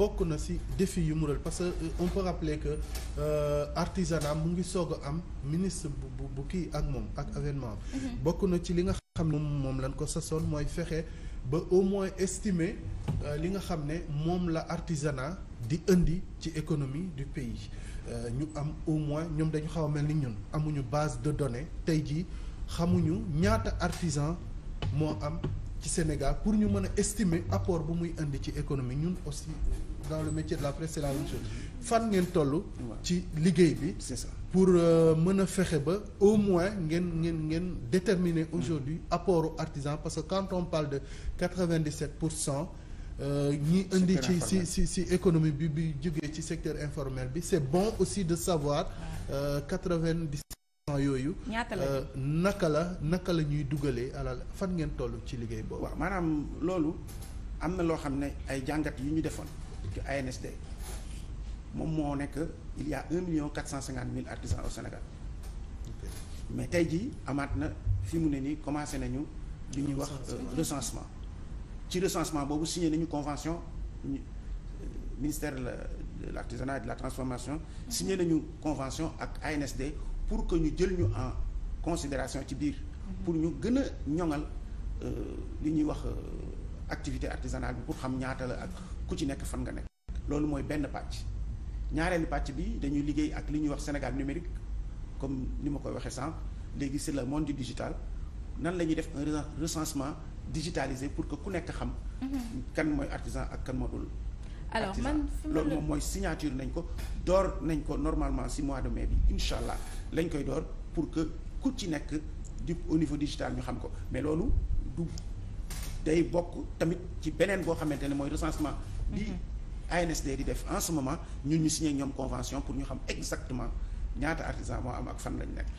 bokk na ci défi yu mu rël parce que euh, on peut rappeler que euh, artisanat mu ngi soog a am ministre bu bu kii ak moom ak avènement mhm. bokk na ci li nga xam ne moom lañ ko sasoon mooy fexe ba au moins estimer euh, li nga xam ne moom la artisanat di indi ci économie du pays ñu am au moins ñoom dañu xaw a mel ni ñun amuñu base de données tey jii xamuñu ñaata artisan moo am ci Sénégal pour ñu mën a estimer apport bu muy indi ci économie ñun aussi dans le métier de la presse c'est la même chose fan ngeen tollu ci liggéey bi. c'est ça pour euh, mën a fexe ba au moins ngeen ngeen ngeen déterminer aujourd'hui apport artisan parce que quand on vingt de 97 pour cent. Euh, ñi indi ci si si si économie bi bi jógee ci secteur informel bi c'est bon aussi de savoir euh, quatre-vingt-dix yooyu euh, naka la naka la ñuy dugalee alal fan ngeen toll ci liggéey boobu waaw maanaam loolu am na loo xam ne ay jàngat yu ñu defoon ci ANSD moom moo nekk il y a un million quatre cent cinquante mille artisans au Sénégal mais tey jii amaat na fi mu ne nii commencé nañu li ñuy wax euh, recensement ci recensement boobu signé nañu convention ministère de l'artisanat et de la transformation signé nañu convention ak ANSD pour que ñu jël ñu en considération ci biir pour ñu gën a ñoŋal euh, li ñuy wax euh, activité artisanale bi pour xam ñaata la ak ku ci nekk fan nga nekk loolu mooy benn pàcc ñaareelu pàcc bi dañuy liggéey ak li ñuy wax Sénégal numérique comme ni ma koy waxee sànq léegi c'est le monde du digital nan la ñuy def un recensement digitalisé pour que ku nekk xam mm-hmm. kan mooy artisan ak kan moo dul alors man loolu moom mooy signature nañ ko door nañ ko normalement si mois de mai bi incha allah lañ koy door pour que ku ci nekk du au niveau digital ñu xam ko mais loolu du day bokk tamit ci beneen boo xamante ne mooy recensement li mhm. di def en ce moment ñun ñu signé ñoom convention pour ñu xam exactement ñaata artisan moo am ak fan lañ nekk